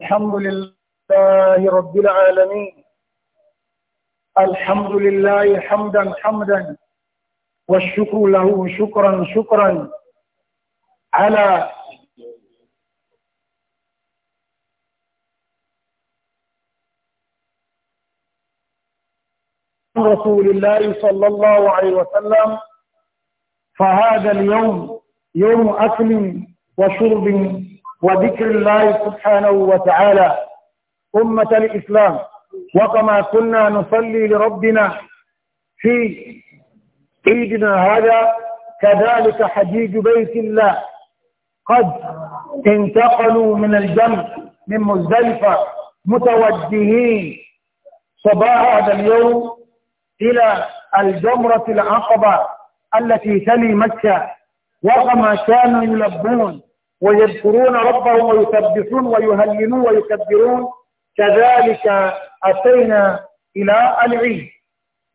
الحمد لله رب العالمين الحمد لله حمدا حمدا والشكر له شكرا شكرا على رسول الله صلى الله عليه وسلم فهذا اليوم يوم أكل وشرب وذكر الله سبحانه وتعالى أمة الإسلام وكما كنا نصلي لربنا في عيدنا هذا كذلك حجيج بيت الله قد انتقلوا من الجمع من مزدلفة متوجهين صباح هذا اليوم إلى الجمرة العقبة التي تلي مكة وكما كانوا يلبون ويذكرون ربهم ويسبحون ويهللون ويكبرون كذلك أتينا إلى العيد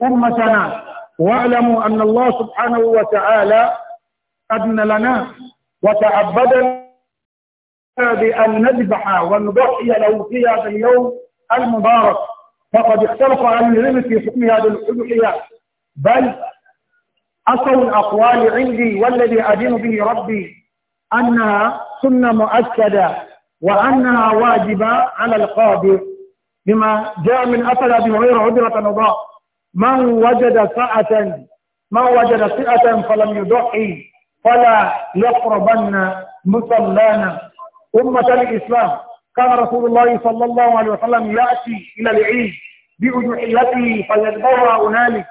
أمتنا واعلموا أن الله سبحانه وتعالى أدن لنا وتعبدنا بأن نذبح ونضحي له في هذا اليوم المبارك فقد اختلف أهل العلم في حكم هذه الأضحية بل أصل الأقوال عندي والذي أدين به ربي أنها سنة مؤكدة وأنها واجبة على القادر لما جاء من أثر أبي هريرة عذرة نضاء من وجد سعة من وجد سعة فلم يضحي فلا يقربن مصلانا أمة الإسلام كان رسول الله صلى الله عليه وسلم يأتي إلى العيد بأجحلته فيذبرها هنالك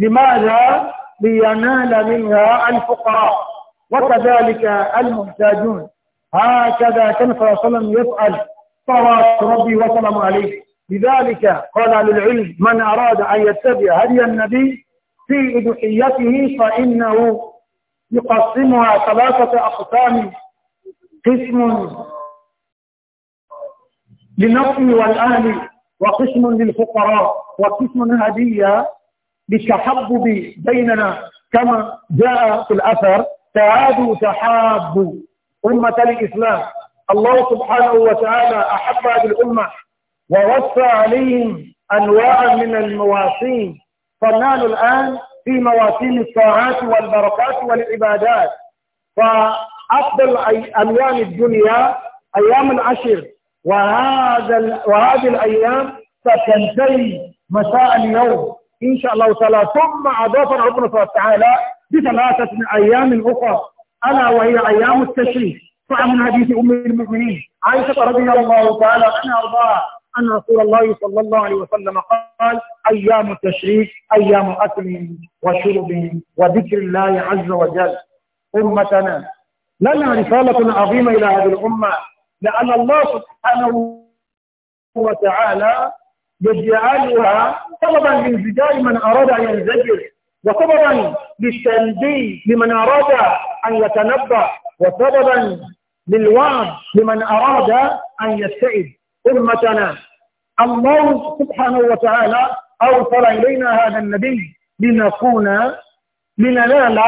لماذا؟ لينال منها الفقراء وكذلك المحتاجون هكذا كان صلى الله عليه وسلم يفعل صلاه ربي وسلم عليه لذلك قال للعلم من أراد أن يتبع هدي النبي في إضحيته فإنه يقسمها ثلاثة أقسام قسم للنفس والأهل وقسم للفقراء وقسم هدية للتحبب بيننا كما جاء في الأثر تعادوا تحابوا أمة الإسلام الله سبحانه وتعالى أحب هذه الأمة ووصى عليهم أنواعا من المواسين فنحن الآن في مواسم الطاعات والبركات والعبادات فأفضل أيام الدنيا أيام العشر وهذا وهذه الأيام ستنتهي مساء اليوم إن شاء الله تعالى ثم أضاف ربنا تعالى بثلاثة من أيام أخرى ألا وهي أيام التشريف فمن حديث أم المؤمنين عائشة رضي الله تعالى عنها أرضاها أن رسول الله صلى الله عليه وسلم قال أيام التشريك أيام أكل وشرب وذكر الله عز وجل أمتنا لنا رسالة عظيمة إلى هذه الأمة لأن الله سبحانه وتعالى يجعلها طلبا لانزجار من أراد أن ينزجر وطلبا للتنبيه لمن أراد أن يتنبه وسببا للوعد لمن أراد أن يستعد أمتنا الله سبحانه وتعالى أوصل إلينا هذا النبي لنكون لننال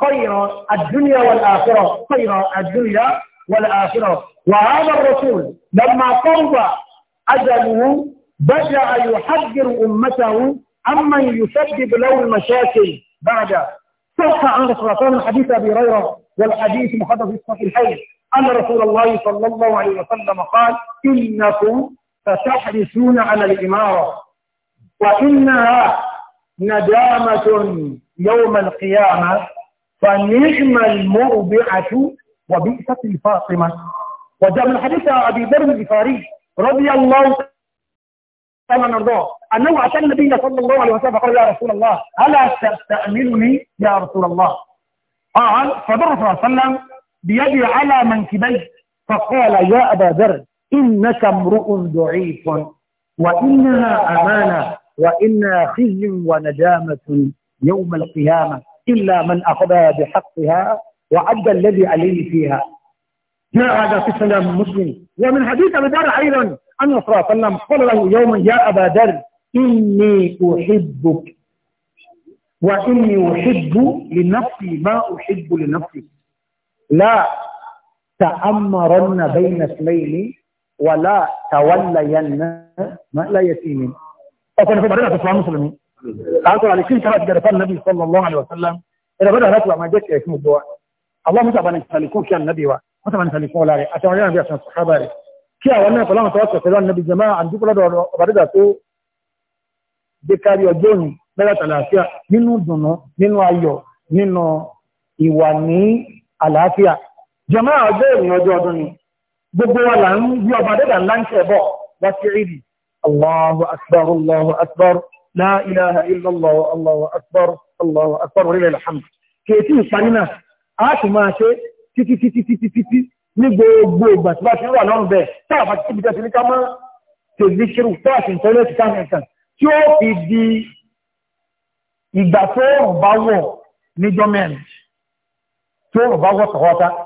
خير الدنيا والآخرة خير الدنيا والآخرة وهذا الرسول لما قرب أجله بدأ يحذر أمته عمن يسبب له المشاكل بعد صح عن رسول حديث أبي هريرة والحديث محدث في الصحيحين أن رسول الله صلى الله عليه وسلم قال إنكم فتحرسون على الإمارة وإنها ندامة يوم القيامة فنعم المربعة وبئسة الفاطمة وجاء من حديث أبي ذر الغفاري رضي الله تعالى عنه أنه أتى النبي صلى الله عليه وسلم فقال يا رسول الله ألا تستأمرني يا رسول الله قال فضر صلى الله عليه وسلم بيدي على منكبيه فقال يا أبا ذر إنك امرؤ ضعيف وإنها أمانة وإنها خزي وندامة يوم القيامة إلا من أخذها بحقها وعد الذي عليه فيها جاء هذا في سلام مسلم ومن حديث أبي ذر أيضا أن صلى الله عليه وسلم قال له يوما يا أبا ذر إني أحبك وإني أحب لنفسي ما أحب لنفسي لا تأمرن بين اثنين wàlá tàwálàyànnà láyé sí mi ọkùnrin fún bàdánà tó fún mùsùlùmí àkọ́rọ̀ àlè kí n kára ti gàdà fún nàbí sallallahu alaihi wasallam ẹ̀rọ bàdà láti wà máa jẹ́ kẹ̀kẹ́ mú bọ́wá àwọn mọ́tà bá ní sàlìkún kí ànàbí wa mọ́tà bá ní sàlìkún ọlá rẹ̀ àtàwọn yàrá bí àṣà sàhábà rẹ̀ kí àwọn náà pẹ̀lú àwọn tó wà sọ̀tẹ̀ lọ́nà nàbí jẹ́má àdúgbòlọ́dọ̀ ọ̀bàdàdà gbogbo wa là ń yí ọba dẹ́dà ńlá ń ṣe bọ̀ wá sí ìdí allahu akbar allahu akbar la ilaha illallah allahu akbar allahu akbar orílẹ̀ alhamd kèétí ìparí náà a sì máa ṣe títí títí títí títí ní gbogbo ìgbà tí wọ́n ti wà lọ́rùn bẹ́ẹ̀ tá a bá ti bí tẹ́sí ní ká máa tèmi ṣírù tá sì ń tọ́lé ìtìká nìkan tí ó fi di ìgbà tó rùn bá wọ̀ níjọ́ mẹ́rin tó rùn bá wọ̀ sọ̀rọ̀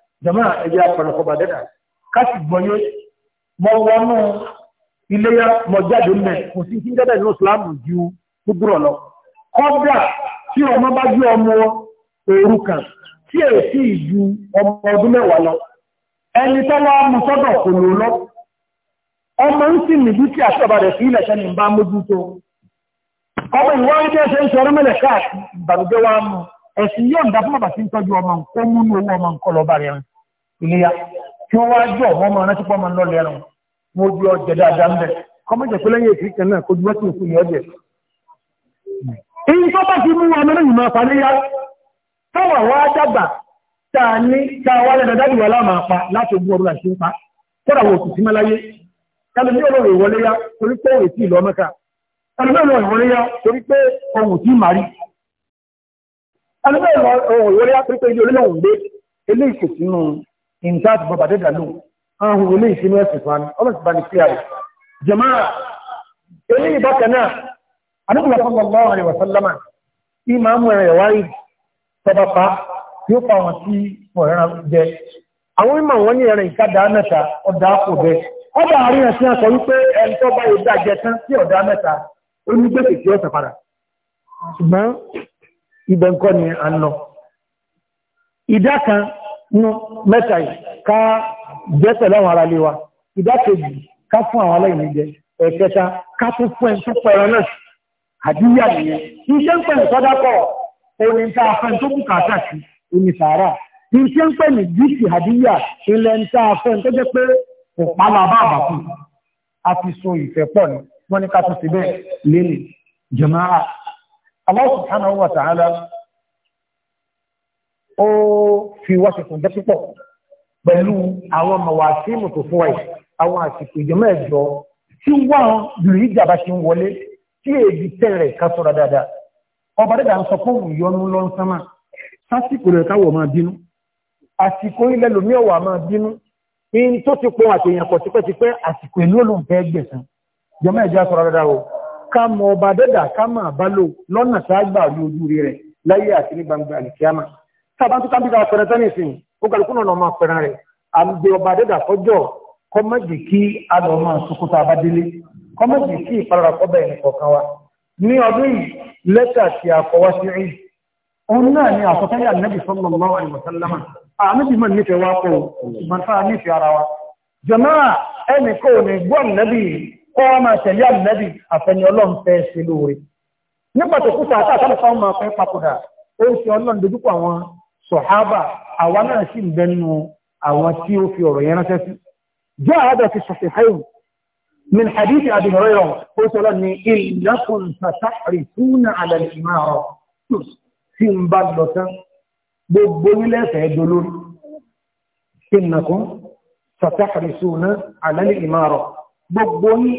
jama ẹ̀yà pẹ̀lọ̀kọ̀bà dẹ́dà káàkì gbọ́nyé mọ wọnú iléyà mọ jáde mẹ kò sí kí dẹ́dà nínú Islam ju gbúgbúrọ̀ lọ kọ́dà tí ọmọ bá ju ọmọ òru kan tí è sì ju ọmọ ọdún mẹ́wàá lọ ẹni tó wá mú sọ́dọ̀ kò lò lọ ọmọ ń sì nìbí tí àṣọba rẹ̀ sí ilẹ̀ sẹ́ni bá mójútó ọmọ ìwọ́n ń jẹ́ ṣe ń sọ ọdún káàkiri ìbànújẹ́ wa mú ẹ̀sìn yóò ń dá fún bàbá tí ń tọ́jú ọmọ nǹkan mú ní owó ọmọ nǹkan lọ́ba rẹ̀ rìn iléyà kí wọ́n wáá jọ wọ́n máa rántí pọ́ máa ń lọ lẹ́rùn mo ju ọjọ́ dáadáa ń bẹ̀ kọ́mọ jẹ́ pé lẹ́yìn èsì kan náà kojú bọ́sì òkú ìyọ́jẹ̀. èyí tó bá ti mú ọmọ lẹ́yìn máa pa léyà táwọn àwọn àdàgbà tá a ní tá a wá lẹ́nu dájú wà láàmà pa láti ogún ọdún àti nípa kódà wò òtútù mẹ́láyé kálí ní olóòrè ìwọlé yá torí pé òwe tí ìlú ọmọka kálí ní olóòrè ìwọlé yá torí pé ohun tí màrí kálí ní olóòrè ìwọlé yá torí pé ilé olóòrè ń gbé eléyìí kò sínú in àti bọ̀bà dẹ́dà lò ahùn ilé ìsinmi ẹ̀sìn fún ọlọ́sì bá ní sí àrẹ jama'a ilé ìbákan náà anúkùnlá sallallahu alaihi wa sallama tí máa mú ẹ̀rẹ̀ wáyé tọba pa wọn sí ọ̀rẹ́ra jẹ àwọn mímọ̀ wọn ní ẹ̀rẹ̀ ìkádà mẹ́ta ọ̀dà kò bẹ ọba àárín ẹ̀sìn akọ wípé ẹni tó bá ìdá jẹ tán sí ọ̀dà tí ó ṣùgbọ́n ibẹ̀ mẹ́ta yìí ká jẹ́ pẹ̀lú àwọn ará léwa ìdákejì ká fún àwọn aláìní jẹ ẹ̀kẹta ká tún fún ẹni tó pẹ̀rọ náà àdíyà nìyẹn iṣẹ́ ń pè ní orin tá a fẹ́ tó bùkátà sí omi sàárà iṣẹ́ ń pè so ìfẹ́ pọ̀ wọ́n ní ká tún síbẹ̀ ó fi wáṣọ fún dẹ́pípọ̀ pẹ̀lú àwọn mọ̀wàásímù tó fún wáyé àwọn àsìkò ìjọmọ́ ẹ̀jọ́ tí wọ́n lù ìjàmbá ṣe ń wọlé tí èdè tẹ̀rẹ̀ ká sọ́ra dáadáa ọba dẹ́dà ń sọ fún ìyọnu lọ́n sánmà sásìkò rẹ̀ káwọ̀ máa bínú àsìkò ilẹ̀ lómi ọ̀wà máa bínú in tó ti pọ̀ àtẹ̀yàn pọ̀ tipẹ́tipẹ́ àsìkò ìlú olùfẹ́ gbẹ̀sán jọmọ́ ẹ̀jọ́ sọ́ra dáadáa o ká mọ ọba dẹ́dà ká máa bá lò lọ́nà tá a gbà lójú rẹ̀ láyé àti ní gbangba àlìkíyàmá tábà tó tábìlì àwọn pẹ̀rẹ̀ tẹ́lẹ̀ sìn ó kálukú náà máa pẹ̀rẹ̀ rẹ̀ ki ọba àdẹ́dà kọjọ kọ́mọ̀jì kí alọ́ máa sọkúta abádélé kọ́mọ̀jì kí ìpalára kọ́ bẹ́ẹ̀ nìkọ̀ọ̀kan wa ní ọdún yìí lẹ́tà tí a kọ wá sí rí òun náà ni àkọ́tẹ́yà nẹ́bì sallallahu alaihi wasallam àmìbì mọ̀ nífẹ̀ẹ́ wá pọ̀ ìgbàntà nífẹ̀ẹ́ ara wa jọmáà ẹnì kò ní gbọ́ nẹ́bì kọ́ máa tẹ̀lé ànẹ́bì àfẹ́ni ọlọ́run fẹ́ ṣe lóore nípa tó kúta àtàkùn fáwọn máa fẹ́ papòdà ó ń ṣe ọlọ́run dojúkọ àwọn sọ̀hábà àwa náà sì ń bẹnu àwọn tí ó fi ọ̀rọ̀ yẹn sí jẹ́ àádọ́ ti sọ̀fẹ̀hẹ́wù من حديث أبي هريرة وصل أن إنكم ستحرصون على الإمارة tí ń bá lọ tán gbogbo nílẹ̀ ẹ̀fẹ́ dolórí ìnàkún sàtàkàrìsùnà àlálẹ̀ ìmárọ̀ gbogbo ní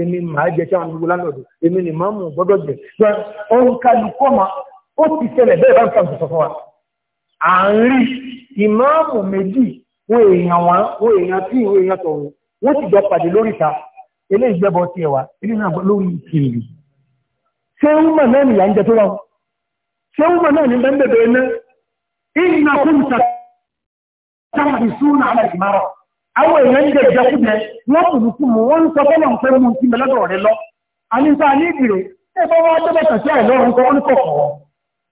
èmi màá jẹ tí àwọn gbogbo lánàdù èmi ni màá mú gbọ́dọ̀ jẹ pé òǹkàlùkọ ma ó ti ṣẹlẹ̀ bẹ́ẹ̀ bá ń sàn sọsọ fún wa à ń rí ìmáàmù méjì wọn èèyàn wọn wọn èèyàn tí wọn èèyàn tọrọ wọn ti jọ pàdé lórí ìta eléyìí gbẹbọ tiẹ̀ wa eléyìí náà lórí ìkìlì ṣé ń mọ náà nìyà ń jẹ tó wà ó ṣé ń mọ náà ní bẹ́ẹ̀ bẹ́ẹ̀ náà ìnà kúńtà táwọn ìṣúná àlẹ́ ìmárà àwọn èèyàn ń jẹ ìjẹkújẹ wọ́n kùrù kú mú wọ́n ń sọ fọ́nà ń fẹ́ mú kí mẹ́lọ́dọ̀ rẹ lọ àníṣà ní ìdìrè ẹ bá wá tẹ́bẹ̀ tàṣí àìlọ́run kọ́ wọ́n kọ̀kọ́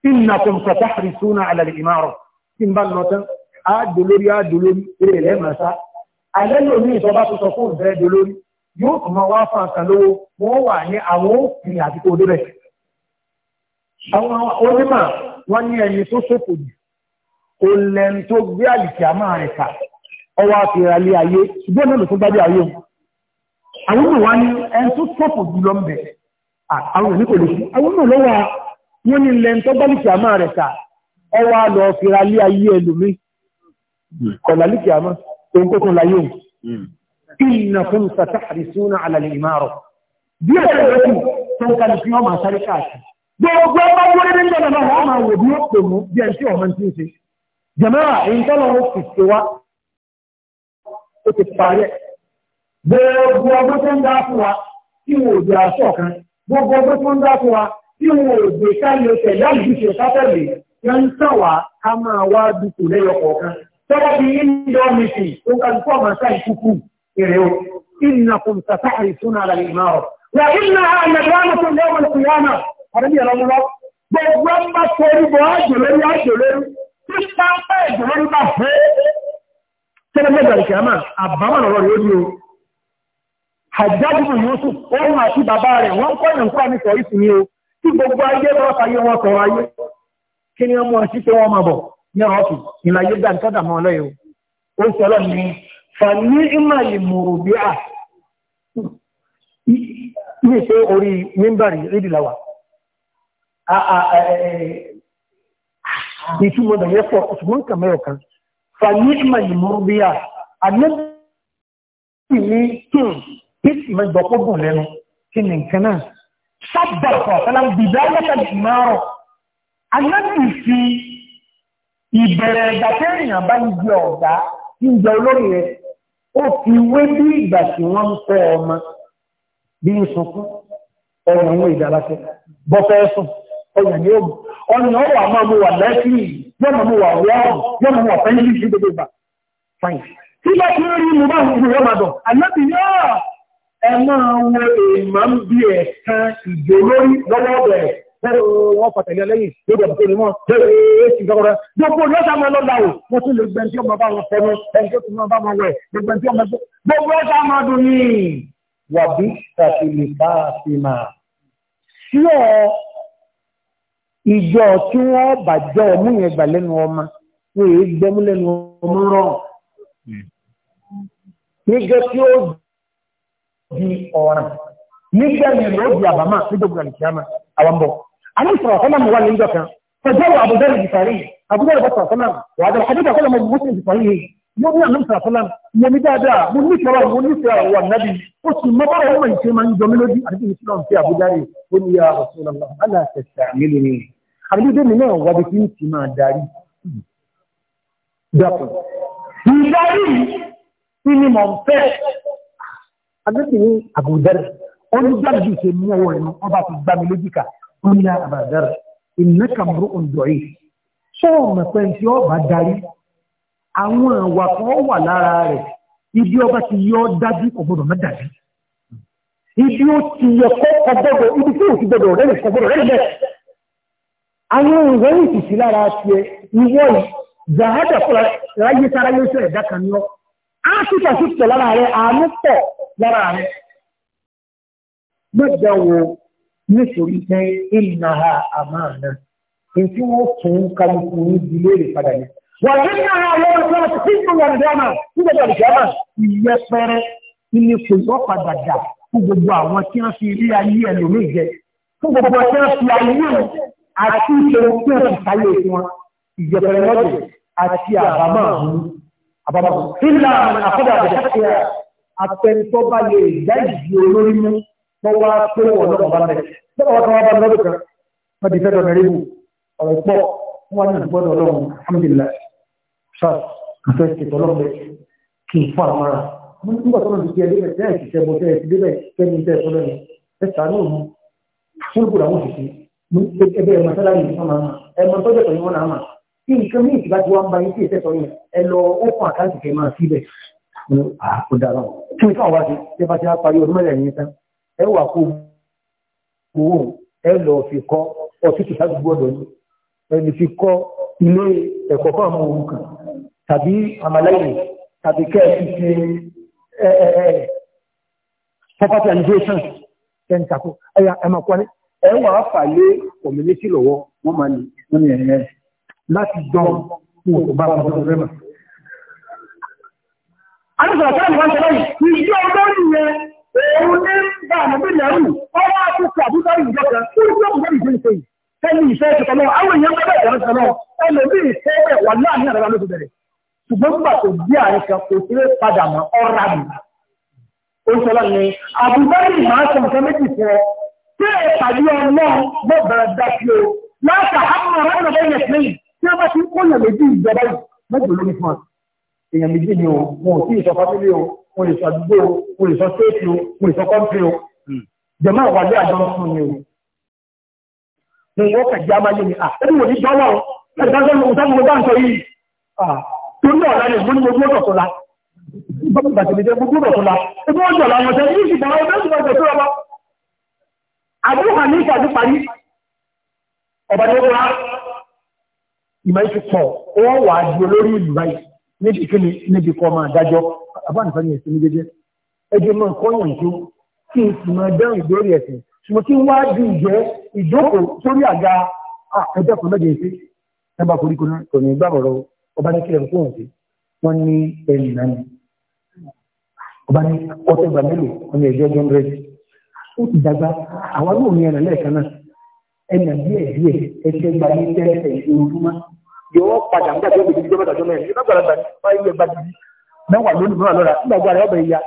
ìnà kò sọ táàrí súnà àlàlẹ̀ ìmárọ̀ tí ń bá lọ tán á dolórí á dolórí eré rẹ̀ mà ní àwọn òfin wọ́n tó ṣòfò jù kò lẹ́ni ọwọ́ àfihàn alẹ́ ayé ṣùgbọ́n náà ló tún gbádé ayé àwọn ọmọ wa ní ẹn tó tọ́pọ̀ jùlọ ń bẹ̀ àwọn òní kò lè ṣe àwọn ọmọ lọ́wọ́ wọn ní ilẹ̀ tó bá lìkì àmà rẹ̀ ta ọwọ́ àlọ́ àfihàn alẹ́ ayé ẹlòmí hmm. kọ̀lá lìkì àmà hmm. tó ń kókó láyé òun innakum satahrisuna ala al-imara bí ẹ̀rọ rẹ̀ kù tó ń kalẹ̀ fún ọmọ àṣárí káàkiri gbogbo ọmọ wọlé ní ìjọba náà wọn máa wò bí ó pè mú bí ẹni tí ọmọ ti ń ṣe jẹmọ́ra èyí tọ́lọ́ ó fi ṣe wá ó ti parẹ́. Gbogbo ọgbọ́n tó ń dá fún wa tí wọn ò di aṣọ kan. Gbogbo ọgbọ́n tó ń dá fún wa tí wọn ò gbé káyọ̀ tẹ̀lé àdúgbò sátẹ̀lé yẹn ń tàn wá ká máa wá dùkú lẹ́yọ kọ̀ọ̀kan. Tọ́wọ́ bí yín ń yọ mi sí, ó ń sáì kúkú èrè o. Ìnà kò sàtà àìsùn àlà ìmọ̀ ọ̀. Wà ìnà àyẹ̀dọ́ àmọ̀tún lẹ́wọ̀n ìkùyàmà tẹ́lẹ̀ mẹ́gbà ìkẹ́ àmà àbámọ̀nà ọ̀rọ̀ yóò ní o àjádùn Yusuf òun àti bàbá rẹ̀ wọ́n kọ́ ìyàn kọ́ àmìsọ̀ ìsìn ní o tí gbogbo ayé lọ́ọ̀ta ayé wọn sọ̀rọ̀ ayé kí ni wọ́n mú ọtí pé wọ́n máa bọ̀ ní ọ̀ọ́fì ìlàyé gbà nǹkan dàmọ́ ọlọ́yẹ o ó sọ lọ ní fani imali murubia ní ìṣe orí mímbàrí ìdìláwà ìtumọ̀ dàgbẹ́ fàníìmà ìmúrúbíyà àdébì ní tún bí ìmọ̀gbọ̀kógùn lẹ́nu kí ni nǹkan náà sábàkọ̀ fẹ́lá bìdáyàtà ìmọ̀ràn àdébì fi ìbẹ̀rẹ̀ ìgbà tẹ́rìyàn bá ń jẹ ọ̀gá ń jẹ olórí rẹ̀ ó fi wé bí ìgbà tí wọ́n ń ọ̀yàn ni ó mú ọ̀nà ọ̀wà máa mú wà lẹ́sìn yóò máa mú wà wọ́ọ̀rù yóò máa mú wà fẹ́yìntì sí gbogbo ìgbà fine tí bá ti rí mú bá ń rọ́ màdọ̀ àlọ́bì yóò ẹ máa wọ èèmọ̀ ń bí ẹ̀kan ìjò lórí lọ́wọ́ bẹ̀rẹ̀ bẹ́ẹ̀ wọ́n pàtàkì lẹ́yìn lórí ọ̀dọ̀ tó ní wọ́n bẹ́ẹ̀ sì gbọ́gbọ́rẹ́ gbogbo ọ̀dọ́ta máa lọ́la o wọ́n tún lè gbẹ̀ntí ọmọ bá wọn fẹ́nu ẹni tó tún bá wọn wẹ̀ gbẹ̀ntí ọmọ tó gbogbo ọ̀dọ́ta máa dùn ní wàbí tàbí lè bá a fi máa. sí ọ̀ ìjọ tí wọ́n bà jẹ́ ọmú yẹn gbà lẹ́nu ọmọ wọ́n èé gbẹ́mú lẹ́nu ọmọ rọrùn nígbà tí ó di ọ̀ràn nígbà yẹn ló di àbámà nígbàgbọ́ àlùkìyàmà àwọn bọ̀. àwọn ìṣòro àkọ́nà mi wà ní ìjọ kan tọ́jú àwọn àbújá rẹ̀ ìfàrí àbújá rẹ̀ bọ́sọ̀ àkọ́nà wà á dẹ̀ àbújá àkọ́nà mi mú sí ìfàrí yìí mo ní àmì ìṣòro àkọ́nà mo ní dáadáa mo ní ìṣòro mo ní ìṣòro wà nábì ó sì mọ bọ́rọ̀ ọmọ ìṣe máa ń jọ mí lójú àti ìṣòro àti àbújá rẹ̀ ó ní yà àbílẹ́dẹ́mì náà wọ́bí tí ń ti máa darí dọ́pù. ìdarí tí ni mọ̀ ń fẹ́ agbẹ́bìnrin àbúdẹ́rẹ̀ olùdájú ṣe mú ọwọ́ ẹ̀nu ọba ti gbá mi lójíkà oníyà àbàdẹ́rẹ̀ ìnákàmúrú ọ̀dọ̀ yìí sọ́ọ̀mù pẹ́ tí ọba darí àwọn àwà kan wà lára rẹ̀ ibi ọba ti yọ dájú kò gbọdọ̀ má dàbí ibi ó ti yẹ kọ́ kọ́ ibi tí ò ti gbọdọ̀ rẹ̀ àwọn ìwọ́n ìsìsì lára ṣe ìwọ́ ìgbàhádà fúnra ráyé sára yóò ṣe ẹ̀dá kan lọ á síta sí pẹ̀ lára rẹ̀ àánú pọ̀ lára rẹ̀ mẹ́jọ wo nítorí pé ìlànà àmàna èyí wọ́n tún kálukú ní ilé rẹ̀ padà ní. wà á ní àwọn àwọn ọmọ tó ti fún wọn dáná nígbà tó àdìgbà náà ìyẹpẹrẹ ilé kò yọ padà dà fún gbogbo àwọn tí wọ́n fi ilé ayé ẹlòmíì jẹ fún gbogbo tí wọ́n fi ayé ẹlòmíì àti ìṣòro tí wọ́n ti sáyé sí wọn ìjẹpẹrẹ lọ́dọ̀ àti àbámọ̀ ọ̀hún àbámọ̀. nílà àkọ́dà àbẹ̀ṣẹ́ àtẹnitọ́ bá lè dá ìdí olórí mú wọ́n wá pé wọ́n lọ́kọ̀ bá bẹ̀rẹ̀. lọ́kọ̀ wọn kan wá bá lọ́dọ̀ kan wọ́n ti fẹ́ dọ̀nà rí wù ọ̀rọ̀ pọ̀ wọ́n ní ẹbẹ ẹ̀ màtọ́lá yìí wọ́n máa ma ẹ̀ mọ tọ́jọ́ tọ̀ yìí wọ́n náà ma kí nǹkan mí ìtìbá tí wọ́n ń ba yín sí ìṣẹ́ tọ́ yẹn ẹ lọ ókun àkáǹtì kẹ́ máa síbẹ̀ ó dára wọn kí nǹkan wá sí ṣé bá ti wá parí ọdún mẹ́rẹ̀ẹ̀rin yín tán ẹ wà kó owó ẹ lọ fi kọ́ ọ̀sítù sáàdúgbò ọ̀dọ̀ yìí ẹ lè fi kọ́ ilé ẹ̀kọ́ fún àwọn ohun kan tàbí àmàlẹ́yìn tàbí kẹ́ ẹ fi ṣe property administration ẹ̀ ń takò ẹ̀yà ẹ̀ máa kọ́ ni ẹ wà á fà lé community lọ́wọ́ wọ́n máa ní wọ́n ní ẹ̀yẹ láti gbọ́ fún òkú bá wọn lọ́dọ̀ rẹ́mà. Àdúgbò àti àwọn ìwáṣẹ báyìí, ìjọ olórí yẹn, òun ní bá àmọ́ bí lẹ́rù, ọwọ́ àkókò àbúkọ́ ìjọ kan, kí ló ń gbọ́dọ̀ ìjọ ìfẹ́ yìí? Fẹ́mi ìfẹ́ ìtọ́tọ́ náà, àwọn èèyàn bẹ́ẹ̀ bẹ̀rẹ̀ ìtọ́tọ́ náà, ẹlòmíì fẹ́ bẹ̀ wà láàrin àdàlà ló ti bẹ̀rẹ̀. Ṣùgbọ́n nígbà tó bí àárín kan kò sí padà mọ́ ọ̀rá mi. Ó sọ lọ́nà ni, àbúgbọ́n ní màá sọ nǹkan méjì fún ọ, tí ẹ pàdé ọmọ mọ́ bẹ̀rẹ̀ dákí o láti àwọn ọmọ ọmọ bẹ́ẹ̀ yẹn lẹ́yìn tí wọ́n bá ti ń kọ́yàn méjì ìjọba yìí mẹ́jọ lórí fún wa èèyàn méjì ni o wọn ò tí ì sọ fámílì o wọn ì sọ àdúgbò o wọn ì sọ séèkì o wọn ì sọ kọ́ńtì o jẹ̀mọ́ àwọn alẹ́ àjọ fún mi o ni wọ́n kà já máa yé mi ah ẹni wò ní dọ́là o ẹni dáńsọ́ ní ọ̀sán mo bá ń sọ yìí ah torí ọ̀la ni mo ní mo gbọ́dọ̀ tó la bàtẹ̀lẹ̀ jẹ́ mo gbọ́dọ̀ tó la ẹgbẹ́ àbúrò kan ní ìṣàjú parí ọba ní wọ́n ìmọ̀ ìṣù pọ̀ wọ́n wà á di olórí ìlú báyìí níbi kí ni níbi kọ́ máa dájọ́ àbáǹfààní ẹ̀sìn ní jẹ́jẹ́ ẹjọ́ náà kọ́ yàn tó kí n sì máa dáhùn ìbéèrè ẹ̀sìn ṣùgbọ́n kí n wá di ìjẹ́ ìjókòó sórí àga ẹjọ́ kan lọ́jọ́ ìṣe ẹgbà koríko náà kò ní gbà ọ̀rọ̀ ọba ní kílẹ̀ fún òun sí wọ́n ní ẹ̀yìn náà ọba ní ọtọ́ ìgbà mélòó wọ́n ó ti dàgbà àwọn náà ní ẹ̀rẹ̀ lẹ́ẹ̀kan náà ẹ̀nà díẹ̀ díẹ̀ ẹ̀ṣẹ̀ gba ní tẹ́lẹ̀ ẹ̀ṣẹ̀ ojúmọ́ yóò padà nígbà jo bèèrè ìjọba ìdájọ́ mẹ́rin nígbà gbàrà gbà nípa iye ẹgbà dídí mẹ́wàá lónìí mẹ́wàá lọ́ra nígbà gbàrà ọbẹ̀ ya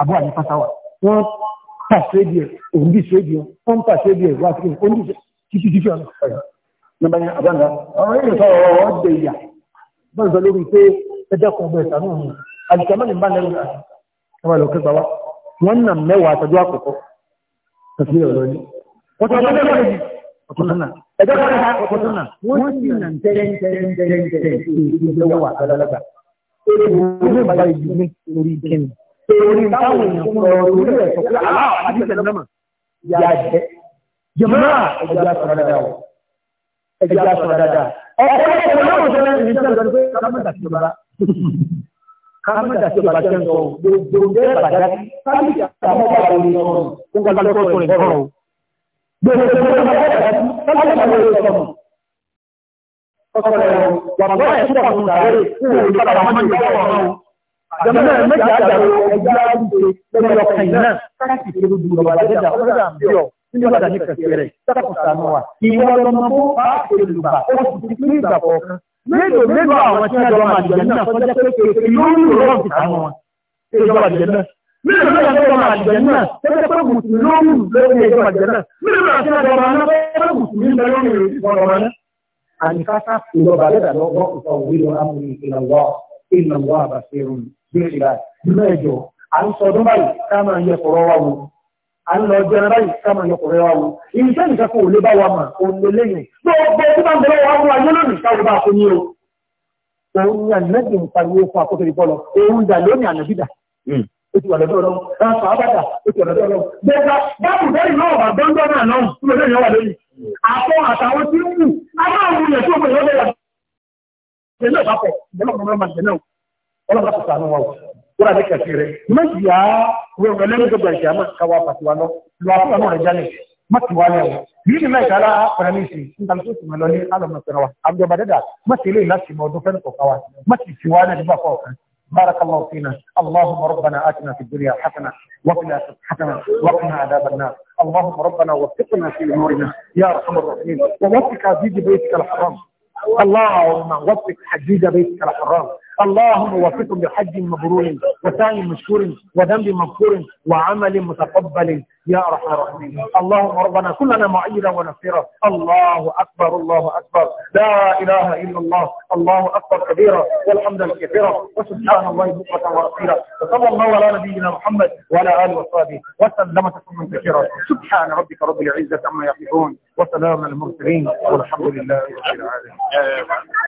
àbú àyíkásáwà wọ́n pàṣẹ díẹ̀ òun bí ṣe díẹ̀ wọ́n pàṣẹ díẹ̀ wá sí òun bí títí títí ẹwà lọ kẹgbà wá wọ́n nà mẹ́wàá àtọ́jú àkọ́kọ́ tẹ̀sílẹ̀ ọ̀rọ̀ ni wọ́n sì nà tẹ́rẹ́ntẹ́rẹ́ntẹ́rẹ́ ìgbẹ́wà àgbàlagbà orí ìgbà ìdílé orí ìkẹ́mi orí táwọn èèyàn fún ọ orí ẹ̀ sọ pé aláwọ̀ àdìsẹ̀ lọ́mà yà jẹ́ jẹ́mọ́ ẹ̀jẹ̀ àsọ̀rọ̀ dáadáa ẹ̀jẹ̀ àsọ̀rọ̀ dáadáa ọ̀pọ̀lọpọ̀ lọ́wọ́ sọ́nà ìrìnsẹ̀ lọ́dọ̀ pé ọ̀dọ́ mẹ́ta ti kámẹ́tà tí o bá tẹ́ ń sọ gbogbo bẹ́ẹ̀ bàjá kámẹ́tà àwọn ọba àwọn ènìyàn ọ̀rọ̀ tó ń gbàgbọ́ tó rìn kọ́rọ̀ o. gbogbo bẹ́ẹ̀ bàjá kámẹ́tà àwọn ènìyàn ọ̀rọ̀ ọ̀sọ̀ rẹ̀ wà bọ́ ẹ̀ fún ọ̀sùn sàárẹ̀ fún òun bá bàbá mọ́jú ọ̀rọ̀ o. jọmọ náà mẹ́ta àgbàdo ẹgbẹ́ àdúgbò lórí ọkàn yìí náà káàkiri tó dùn ọba àdẹ́dà ọlọ́dà àbíọ̀ nínú ọ̀dà ní kẹsì rẹ̀ sákàkùn sàmúwà ìwọ́n lọ́mọ fún pàápàá olùgbà ó sì ti pín ìgbà kọ̀ọ̀kan mélòó mélòó àwọn tí wọ́n jọ máa jẹ náà kọjá pé kéèké yóò ní ìrọ̀rùn ti ta wọn ìjọba jẹ náà mélòó mélòó àwọn tí wọ́n máa jẹ náà kọjá pé mùsùlùmí lóòrùn lórí ìjọba jẹ náà mélòó mélòó àwọn tí wọ́n máa jẹ náà mùsùlùmí lórí ìjọba jẹ náà. àníkàtà ìjọba lẹ́dà lọ́wọ́ ìfọ̀ òwúrò amúni ìlànà ìlànà àbàṣẹ́rùn bí ìlà à ń lọ jẹrán báyìí káàmù ọkùnrin wa wo iṣẹ́ nìkan kò lè bá wa mà òun lè lẹ́yìn gbogbo tí bá ń bẹ̀rẹ̀ wa wọ́n ayé lónìí káwọn bá fún yín o. òun ni ànábì ń pariwo fún àkókò ìbọlọ òun dà lónìí ànábì dà. o hmm. ti wà lọ́dọ̀ ọlọ́run ráńpà ábàdà o ti wà lọ́dọ̀ ọlọ́run. gbẹ̀gbà báàbù bẹ́ẹ̀ náà wà gbọ́ngàn náà náà tí mo lóyún wà lónìí. àpò àtàwọn tí ń wù á máa wù yẹn tó mọ̀ ìyọ́ wọ́n àti kẹ̀sì rẹ̀ méjì á wọ́n wọ́n lẹ́nu gbogbo ìjà máa káwá pàtiwá lọ lọ àfúrà náà rẹ̀ jálẹ̀ mọ́tìwá ní ẹ̀wọ̀n yìí ni mẹ́ta ara pẹ̀lú ní ìsìn nígbà tó sì máa lọ ní alọ́mọ̀sẹ̀rẹ̀ wa abdulba dẹ́dà mọ́tì ilé láti mọ ọdún fẹ́ẹ́ kọ̀ọ̀kan wa mọ́tì tiwa náà nígbà kọ̀ọ̀kan بارك الله فينا اللهم ربنا آتنا في الدنيا حسنة وفي الآخرة حسنة وقنا عذاب النار اللهم ربنا وفقنا في أمورنا يا أرحم الراحمين ووفق حجيج بيتك الحرام اللهم وفق حجيج بيتك الحرام اللهم وفقهم بحج مبرور وسعي مشكور وذنب مغفور وعمل متقبل يا ارحم الراحمين اللهم ربنا كلنا معيدا ونصيرا الله اكبر الله اكبر لا اله الا الله الله اكبر كبيرا والحمد لله كثيرا وسبحان الله بكره واصيلا وصلى الله على نبينا محمد وعلى اله وصحبه وسلم تسليما كثيرا سبحان ربك رب العزه عما يصفون وسلام المرسلين والحمد لله رب العالمين